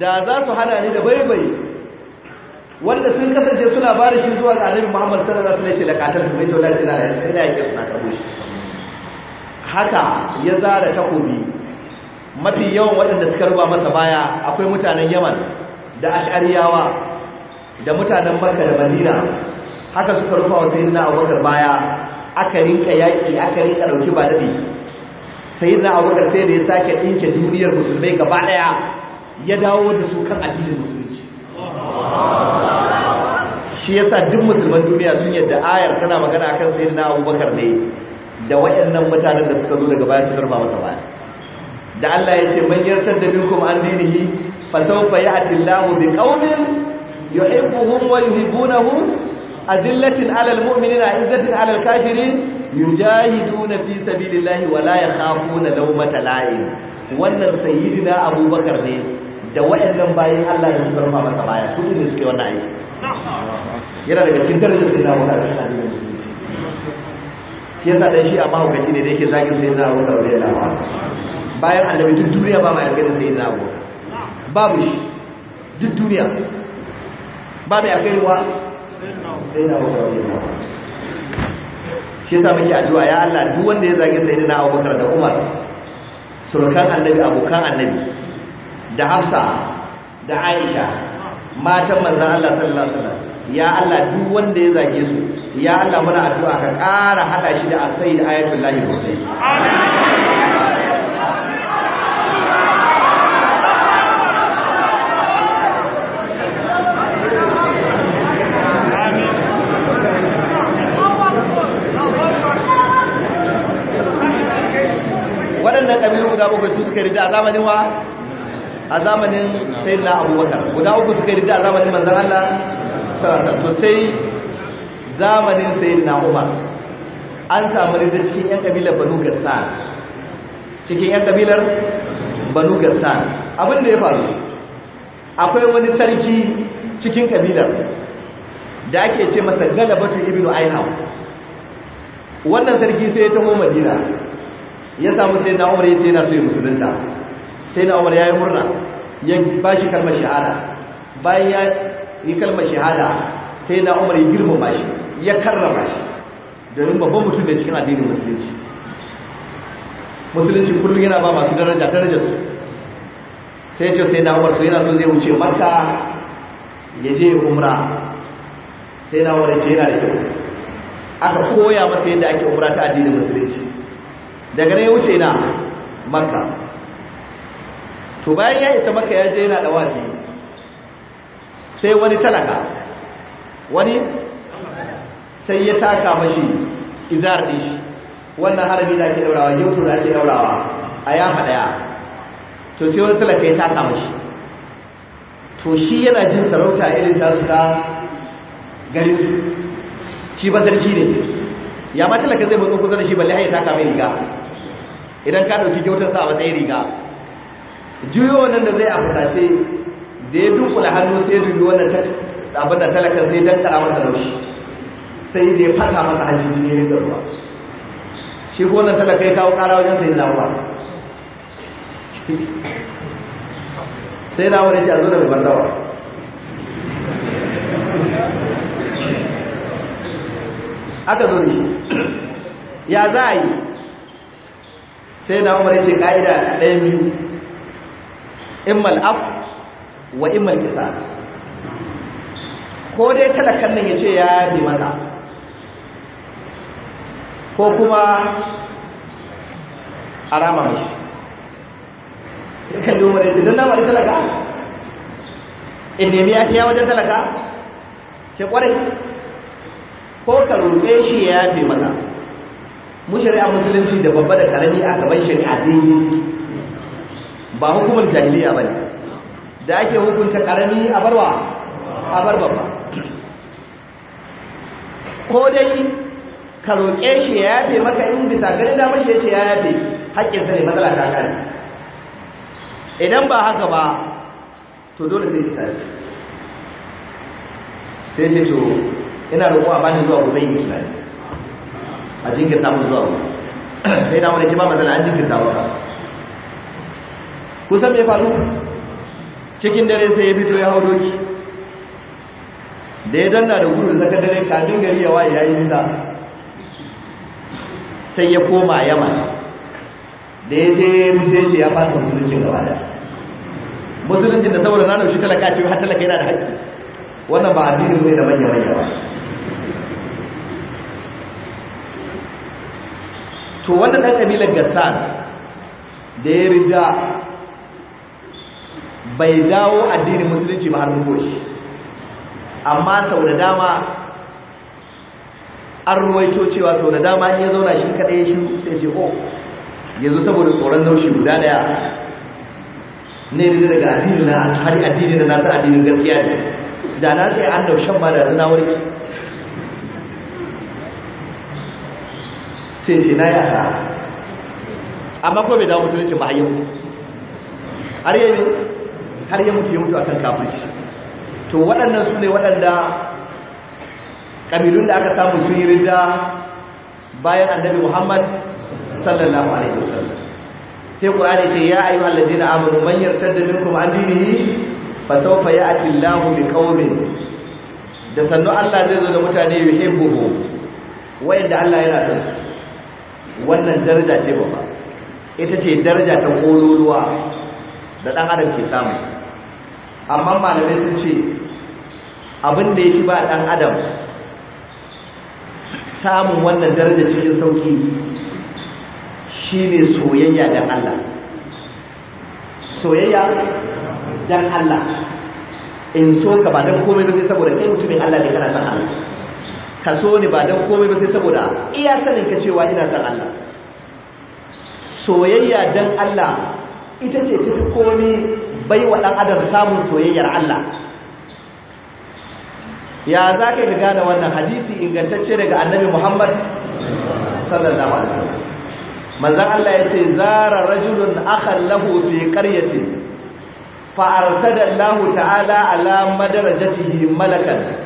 da za su hana ni da baibai wanda sun kasance suna ba da shi zuwa ga annabi Muhammad sallallahu alaihi wasallam ya ce la qatil kuma ya wallahi na yi sai na yi haka ya zara takobi mafi yawan waɗanda suka ruba masa baya akwai mutanen yaman da ashariyawa da mutanen makka da madina haka suka rufa wa sayyidina abubakar baya aka rinka yaƙi aka rinka ɗauki ba daɗi sayyidina abubakar sai da ya sake ɗinke duniyar musulmai gaba ɗaya ya dawo da su kan addinin musulunci shi ya sa duk musulman duniya sun yadda ayar tana magana kan sayyidina abubakar ne da waɗannan mutanen da suka zo daga baya suka rufa masa baya da Allah ya ce man yartar da minkum an dinihi fa sawfa ya'ti Allahu bi qaumin yuhibbuhum wa yuhibbunahu adillatin 'alal mu'minina 'izzatin 'alal kafirin yujahiduna fi sabilillahi wa la yakhafuna lawmata la'in wannan sayyidina Abubakar ne da wayannan bayin Allah ya karba masa baya su ne suke wannan aiki yana daga cikin darajar sayyidina Abubakar shi yasa dan shi amma hukaci ne da yake zagin sayyidina Abubakar radiyallahu anhu bayan annabi duk duniya ba mai alkhairin sai na abubakar babu shi duk duniya ba mai alkhairin wa a yi abubakar shi yasa muke addu'a ya Allah duk wanda ya zage sai na abubakar da umar surukan annabi abokan annabi da hafsa da aisha matan manzon Allah sallallahu alaihi wasallam ya Allah duk wanda ya zage su ya Allah muna addu'a ka ƙara hada shi da asai da ayatul lahi wa guda bakwai su suka rida a zamanin wa a zamanin sai na abubakar guda uku suka rida a zamanin manzan Allah sarata to sai zamanin sai na umar an samu rida cikin yan kabilar banu gassan cikin yan kabilar banu gassan abin da ya faru akwai wani sarki cikin kabilar da ake ce masa galabatu ibnu ainau wannan sarki sai ya tamo madina ya samu sai na umar ya sai na so ya musulunta sai na umar ya yi murna ya ba shi kalmar shahada bayan ya yi kalmar shahada sai na umar ya ba shi ya karrama shi domin babban mutum da cikin addinin musulunci musulunci kullum yana ba masu daraja daraja su sai ce sai na umar su yana so zai wuce makka ya je umra sai na umar ya ce yana da kyau aka koya masa yadda ake umra ta addinin musulunci daga ne ya wuce na maka? to bayan ya isa maka ya je yana da waje. sai wani talaka wani sai ya taka mashi izar din shi wannan harami da ke daurawa yau da ke daurawa a yafa daya to sai wani talaka ya taka mashi to shi yana jin sarauta irin ta su ta gari shi ba sarki ne ya ma talaka zai mutu kusa da shi balle ya taka mai riga idan ka dauki kyautar sa a matsayin riga juyo wannan da zai a fusace da ya dunkula hannu sai dubi wannan abin da talakar sai dan kara masa laushi sai da ya fada masa hanji ne ya rika ruwa shi ko wannan talaka ya kawo ƙara wajen sai na sai na wani ce a zo da mai bandawa aka zo da shi ya za a yi sai na umar yace kaida ɗayan biyu immal af wa immal kisa ko dai talakan nan yace ya yi mata ko kuma arama mashi kan yi umar yace dan na mari talaka in nemi ya fiya wajen talaka ce kwarai ko ka rufe shi ya yi mata mushari'a musulunci da babba da karami a gaban shari'a dai ba hukumar jahiliya bane da ake hukunta karami a barwa a bar babba ko dai ka roƙe shi ya yafe maka in bisa gani damar shi ya ce ya yafe haƙƙinsa ne matsala ta kare idan ba haka ba to dole sai ta sai sai to ina roƙo a bani zuwa gobe yi tunani a jinkirta mu zuwa wuri sai na wani ce ba matsala an jinkirta maka kusan mai faru cikin dare sai ya fito ya hau doki da ya danna da gudu zaka dare kafin gari ya waye yayi nisa sai ya koma yaman da ya je mutum shi ya fasa musulunci gaba da musulunci da saboda na naushi talaka ce har talaka yana da haƙƙi wannan ba addinin ne da manya manya ba to wannan ɗan ƙabilar gassan da ya rida bai dawo addinin musulunci ba hannun goshi amma sau da dama an ruwaito cewa sau da dama ya zauna shi kaɗai shi sai ce o oh, yanzu saboda tsoron naushi guda ɗaya ne rida daga addini na har addini na nasa addinin gaskiya ne da na sai an daushen ma da zina wani sai ya na amma kuma bai dawo musulunci ba a yau har yi har yi mutu ya mutu akan kafirci to waɗannan su ne waɗanda ƙabilun da aka samu sun yi rida bayan annabi muhammad sallallahu alaihi wasallam sai qur'ani ce ya ayyuhal ladina amanu man yartadda minkum an dinihi fa sawfa ya'ti allahu biqaumin da sannu allah zai zo da mutane yuhibbuhu wayanda allah yana son su wannan daraja ce babba ita ce daraja ta ƙololuwa da ɗan adam ke samu amma malamai sun ce abin da ya fi ba ɗan adam samun wannan daraja cikin sauƙi ne soyayya dan Allah soyayya dan Allah in so ka ba dan komai ba saboda kai mutumin Allah ne kana san Allah ka so ni ba don komai ba sai saboda iya sanin ka cewa ina san Allah soyayya dan Allah ita ce ta komai bai wa ɗan adam samun soyayyar Allah ya za ka yi gane wannan hadisi ingantacce daga annabi Muhammad sallallahu alaihi wasallam Allah ya ce zara rajulun akhan lahu fi qaryatin fa da Allah ta'ala ala madarajatihi malakan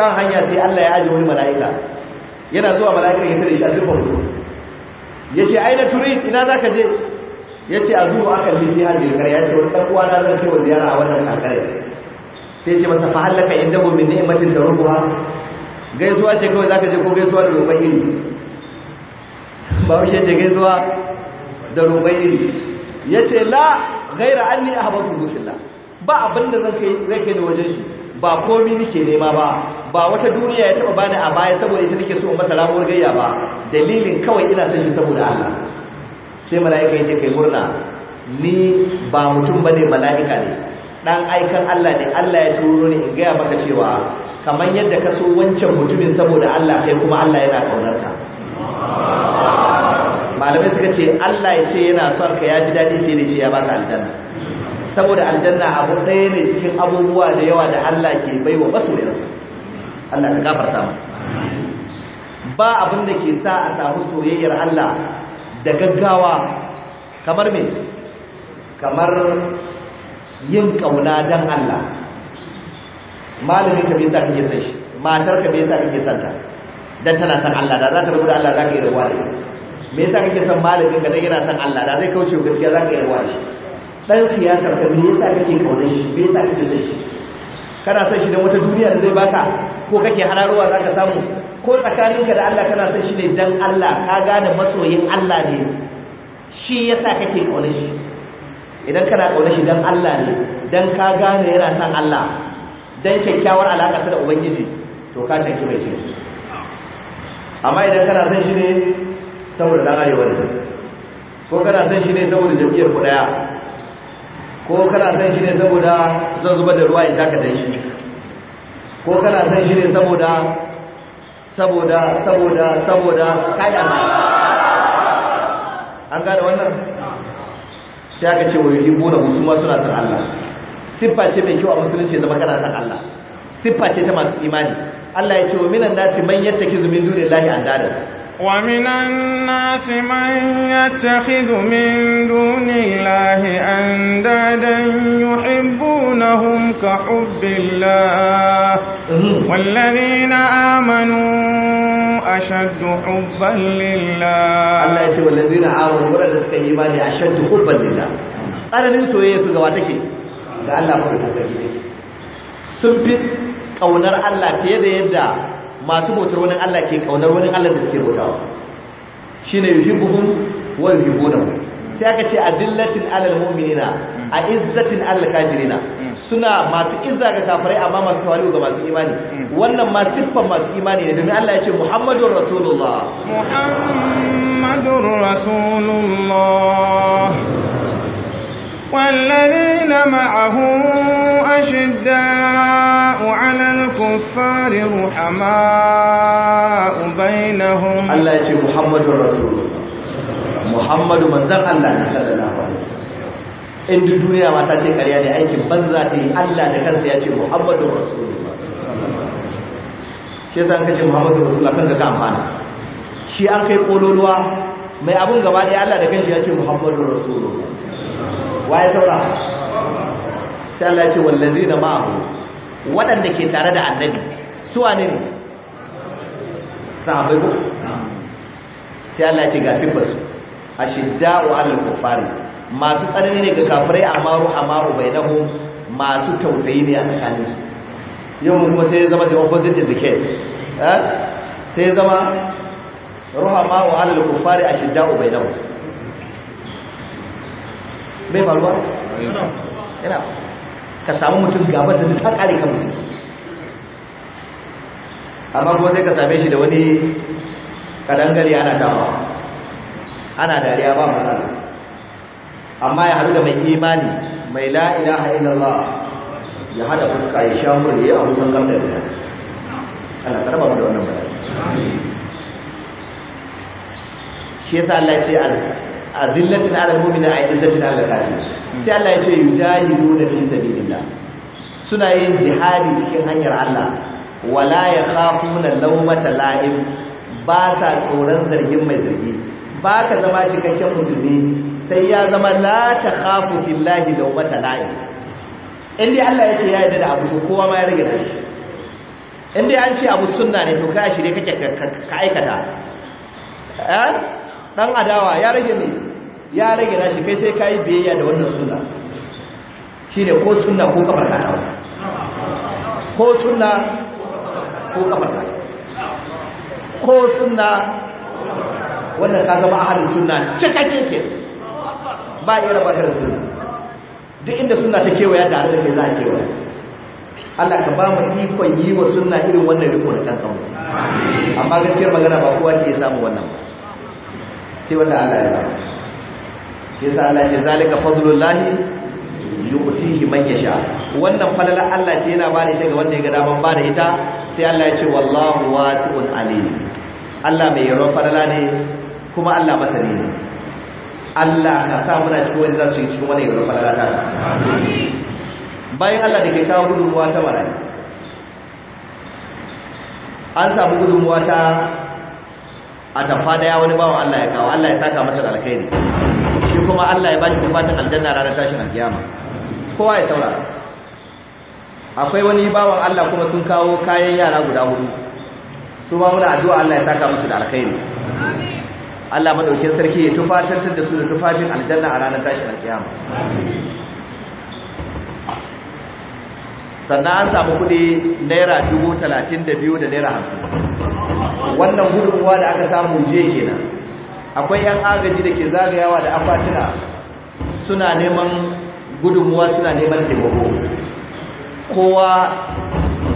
kan hanya sai Allah ya aje wani mala'ika yana zuwa mala'ika ya tare shi a zurfin ruwa ya ce aina turin ina za ka je ya ce a zuwa aka lisi har jirgar ya ce wani ɗan'uwa na zan wanda ziyara a wannan kakare sai ce masa fahallaka inda gomin ni'imatin da rubuwa gaisuwa ce kawai za ka je ko gaisuwa da roƙon iri ba wuce ce gaisuwa da roƙon iri ya ce la gaira an ni a haɓar ba abinda zan kai da wajen shi ba komi nake nema ba ba wata duniya ya taba bani a baya saboda ita nake so in masa ramuwar gayya ba dalilin kawai ina son shi saboda Allah sai mala'ika yake kai murna ni ba mutum bane mala'ika ne dan aikan Allah ne Allah ya turo ni in gaya maka cewa kamar yadda ka so wancan mutumin saboda Allah kai kuma Allah yana kaunar ka malamai suka ce Allah ya ce yana son ka ya ji dadi sai da shi ya baka aljanna saboda aljanna abu ɗaya ne cikin abubuwa da yawa da Allah ke baiwa masoyansa Allah ka gafarta mu ba abin da ke sa a samu soyayyar Allah da gaggawa kamar me kamar yin kauna dan Allah malamin ka bai sa kake san shi matar ka bai sa kake san ta dan tana san Allah da za ka rubuta Allah za ka yi rawa me yasa kake san malamin ka dan yana san Allah da zai kauce gaskiya za ka yi rawa shi dan siyasar ka me yasa kake kaunar shi me yasa kake da shi kana son shi dan wata duniya da zai baka ko kake za ka samu ko tsakaninka da Allah kana son shi ne dan Allah ka gane masoyin Allah ne shi yasa kake kaunar shi idan kana kaunar shi dan Allah ne dan ka gane yana son Allah dan kyakkyawar alaka ta da ubangiji to ka shanki mai shi amma idan kana son shi ne saboda dan arewa ne ko kana son shi ne saboda jam'iyyar ku daya ko kana san shi ne saboda zan zuba da ruwa in taka da shi ko kana san shi ne saboda saboda saboda saboda kaya an gane wannan sai aka ce wa yi bura ma suna san Allah siffa ce mai kyau a musulunci zama kana san Allah siffa ce ta masu imani Allah ya ce wa minan nasi man yattakizu min dunillahi andada ومن الناس من يتخذ من دون الله أندادا يحبونهم كحب الله والذين آمنوا أشد حبا لله الله يسوى والذين آمنوا ورد الكيمان أشد حبا لله أنا نمسوا يسوى قواتك لألا فرد الكيمان سنبت قونر الله تيدي يدى masu bautar wani Allah ke kaunar wani Allah da suke bautawa buhun wani yi buhun sai aka ce dillatin alal mu'minina a izzatin alal kafirina suna masu izza ga kafirai amma masu tawari ga masu imani wannan ma siffan masu imani ne domin Allah ya ce Muhammadur Rasulullah Muhammadur Rasulullah والذين معه أشداء على الكفار رحماء بينهم الله يجي محمد رسول محمد من ذا الله in duk duniya ma ta ce karya ne aikin banza ta yi Allah da kansa ya ce Muhammadu Rasulullah shi san kace Muhammadu Rasulullah kanka ka amfana shi an kai kololuwa mai abun gaba ɗaya Allah da kansa ya ce Muhammadu Rasulullah waye saura sai Allah ya ce wallazina ma'ahu wadanda ke tare da annabi su wane ne sahabbai ko sai Allah ya ce ga sifar su ashidda'u 'alal kuffari masu tsanani ne ga kafirai amma amaru bainahum masu tausayi ne a tsakanin su yau kuma sai zama the opposite is the eh sai zama ruhama wa 'alal kuffari ashidda'u bainahum bai faruwa yana ka samu mutum gaba da ta kare kan musu amma kuma sai ka same shi da wani kadangare ana dawa ana dariya ba matsala amma ya haru da mai imani mai la'ila Allah ya haɗa fuska ya sha mura ya abu san gamda da ana karba mu da wannan bayani shi yasa Allah ya ce azillatin ala mu'mina a izzatin ala kafir sai Allah ya ce yujahiduna fi sabilillah suna yin jihadi cikin hanyar Allah wala ya khafuna lawmata la'im ba ta tsoron zargin mai zargi ba ka zama cikakken musulmi sai ya zama la khafu billahi lawmata la'im in dai Allah ya ce ya yarda da abu kowa ma ya rage da shi in dai an ce abu sunna ne to ka shirye kake ka aikata eh dan adawa ya rage ne ya rage shi kai sai kai biyayya da wannan sunna shine ko sunna ko kafar kata ko sunna ko kafar kata ko sunna wannan ka zama ahadin sunna cikakken ke ba iya raba da sunna duk inda sunna ta kewaya da da ke za a kewaya Allah ka ba mu ikon yi wa sunna irin wannan riko da kan amma gaskiyar magana ba kowa ke samu wannan ba sai wanda Allah ya ba shi yasa Allah ya zalika fadlullahi yu'tihi man yasha wannan falalar Allah ce yana ba da ita ga wanda ya ga daman ba da ita sai Allah ya ce wallahu wasi'un alim Allah mai yaro falala ne kuma Allah masani ne Allah ka sa muna cikin wani za su yi cikin wani yaro falala ta bayan Allah da ke kawo gudunmuwa ta warai an samu gudunmuwa ta a tafa da ya wani bawan Allah ya kawo Allah ya saka masa da alkhairi shi kuma Allah ya ba shi kufatin aljanna ranar tashin alkiyama kowa ya saurara akwai wani bawan Allah kuma sun kawo kayan yara guda hudu su ba muna addu'a Allah ya saka masa da alkhairi Allah madaukin sarki ya tufatar da su da tufafin aljanna a ranar tashin alkiyama sannan an samu kudi naira dubu talatin da biyu da naira hamsin wannan gudunmuwa da aka samu je gina akwai 'yan agaji da ke zagayawa da akwatuna, suna neman gudunmuwa suna neman taimako kowa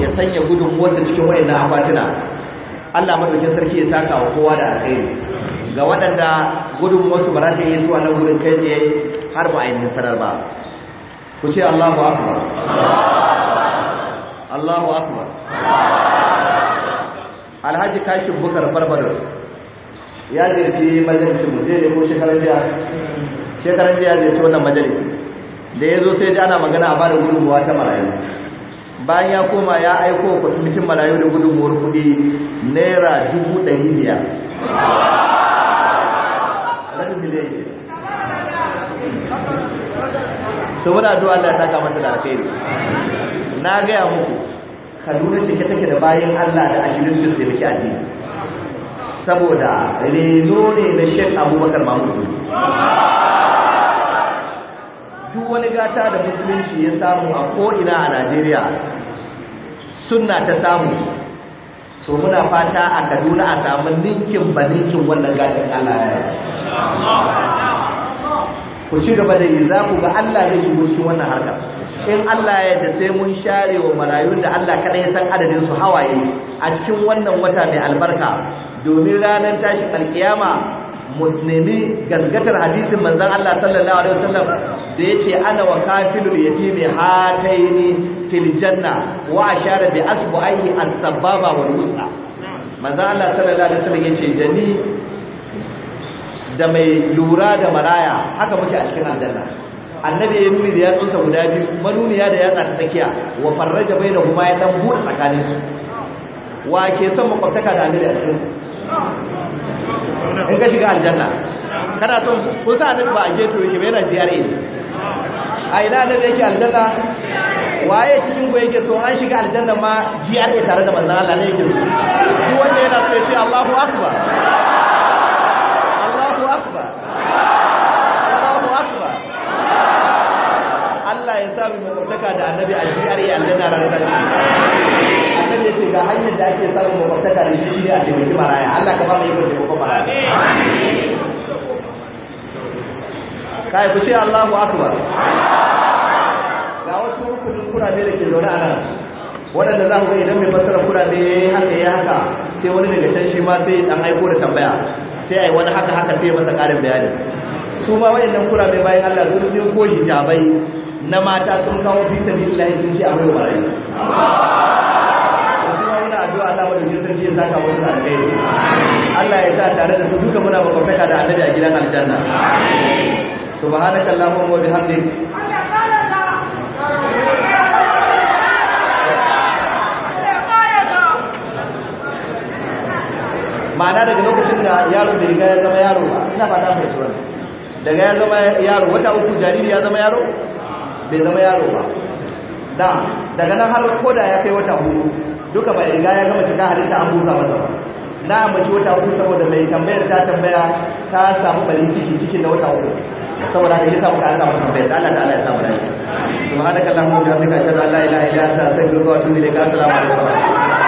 ya sanya gudunmuwar da cikin na akwatuna, allah maɗaukin sarki ya taka wa kowa da alkhairi ga waɗanda gudunmuwarsu su za ta yi zuwa na wurin kai ne har ba a yi nasarar ba ku ce allahu akbar Allahu akbar Alhaji kashin Bukar Barbado ya je shi majalisin mu sai ko shekaran jiya shekaran jiya zai ci wannan majalisi da ya zo sai ji ana magana a bada gudunmuwa ta marayu bayan ya koma ya aiko kwamitin marayu da gudunmuwar kuɗi naira dubu ɗari biyar to addu'a Allah ya saka mata da alkhairi na gaya muku kaduna ke take da bayan allah da ashirin su da muke addini saboda reno ne na shek abubakar mamudu duk wani gata da musulunci ya samu a ko'ina a najeriya sunna ta samu so muna fata a kaduna a samun ninkin ba ninkin wannan gatan allah ya yi. ku ci gaba da yi za ku ga Allah zai shigo shi wannan harka in Allah ya da sai mun share wa marayun da Allah kada ya san adadin su hawaye a cikin wannan wata mai albarka domin ranar tashi alkiyama musulmi gaskatar hadisin manzon Allah sallallahu alaihi wasallam da yace ana wa kafilul yatimi hataini fil janna wa ashara bi asbu'aihi as-sababa wal Musa. manzon Allah sallallahu alaihi wasallam yace da da mai lura da maraya haka muke a cikin aljanna annabi ya nuni da yatsunsa guda biyu manuniya da yatsa ta tsakiya wa farraja bai da kuma ya dan buɗe tsakanin su wa ke son makwabtaka da annabi a cikin in ka shiga aljanna kana son kun sa annabi ba a geto yake ba yana GRA a ina annabi yake aljanna waye cikin ku yake so an shiga aljanna ma GRA tare da manzan Allah ne yake so duk wanda yana so ya ce Allahu akbar barka da annabi alfiyar ya aljanna ranar ga hanyar da ake samun makwabtaka da shi ne a taimaki maraya Allah ka ba mu ikon taimakon maraya kai ku ce Allahu akbar ga wasu rukunin kurame da ke zaune a nan waɗanda za ku ga idan mai fassara kurame haka ya haka sai wani daga can shi ma sai dan aiko da tambaya sai ai wani haka haka sai masa ƙarin bayani su ma waɗannan kurame bayan Allah sun ko hijabai na mata sun kawo fi sabilillahi sun ce abai warai addu'a Allah da ya saka mu da alheri Allah ya sa tare da su duka muna makwabtaka da annabi a gidan aljanna subhanaka allahumma wa bihamdik ma'ana daga lokacin da yaro bai riga ya zama yaro ba ina ta fahimci ba? daga ya zama yaro wata uku jariri ya zama yaro bai zama yaro ba da daga nan har koda ya kai wata hudu duka bai riga ya gama cika halitta an busa masa ba na amince wata uku saboda mai tambayar ta tambaya ta samu farin ciki cikin da wata uku saboda haka yasa muka Allah mutum bai Allah da Allah ya samu lafiya allahumma wa bihamdika ashhadu an la ilaha illa anta astaghfiruka wa atubu ilayk assalamu alaikum